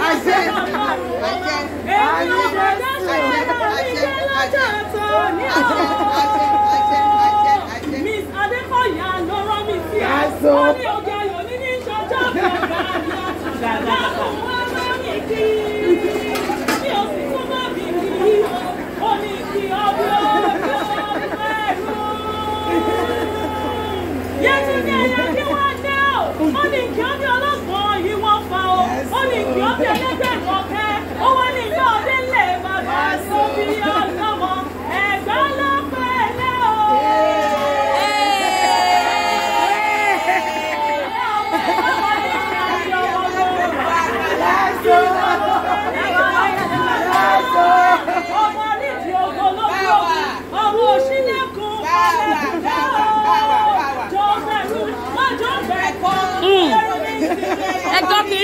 I said. ó ní kí ó ní ọlọ́gbọ̀n yìí wọ́n fa o ó ní kí ó ní ẹlẹ́gbẹ̀rún ọ̀kẹ́ ó wá ní kí ọdẹ lè bàbá sóbíyá.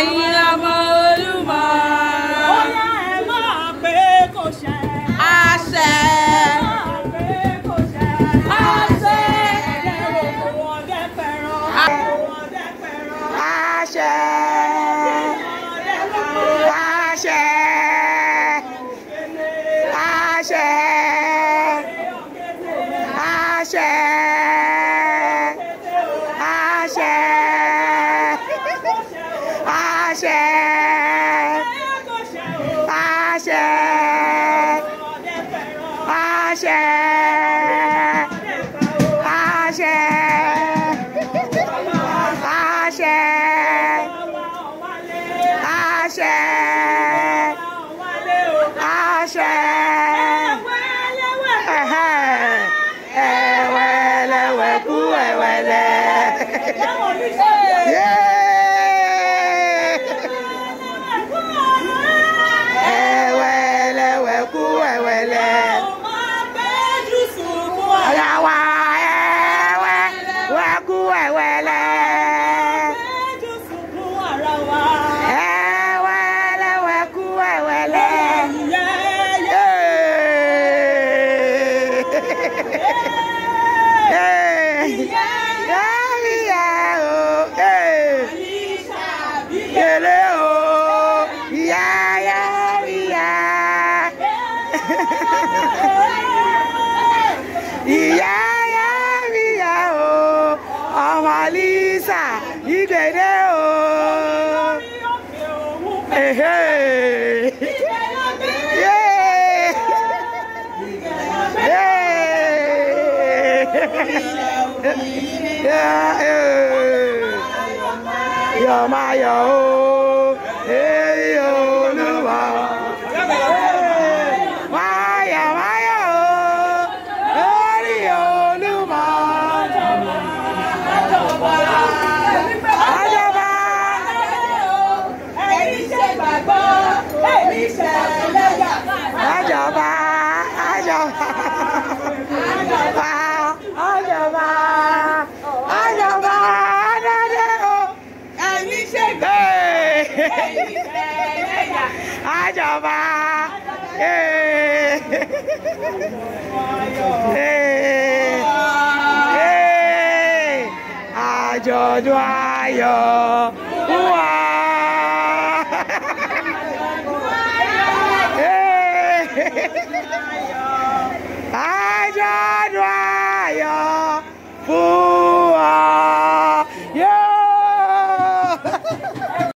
ẹ̀yin ọmọ Olúmọ. ó yá ẹ máa pé kò ṣẹ. àṣẹ. share. àṣẹ àṣẹ àṣẹ ẹ̀wẹ̀lẹ̀wẹ̀ kú ẹ̀wẹ̀lẹ̀. ìyá ìyá mi yá o ọmọ Lizzy ìdèrè o. Yeah, yeah. 아저봐 예. 예. 예. 아저 좋아요 우와 예.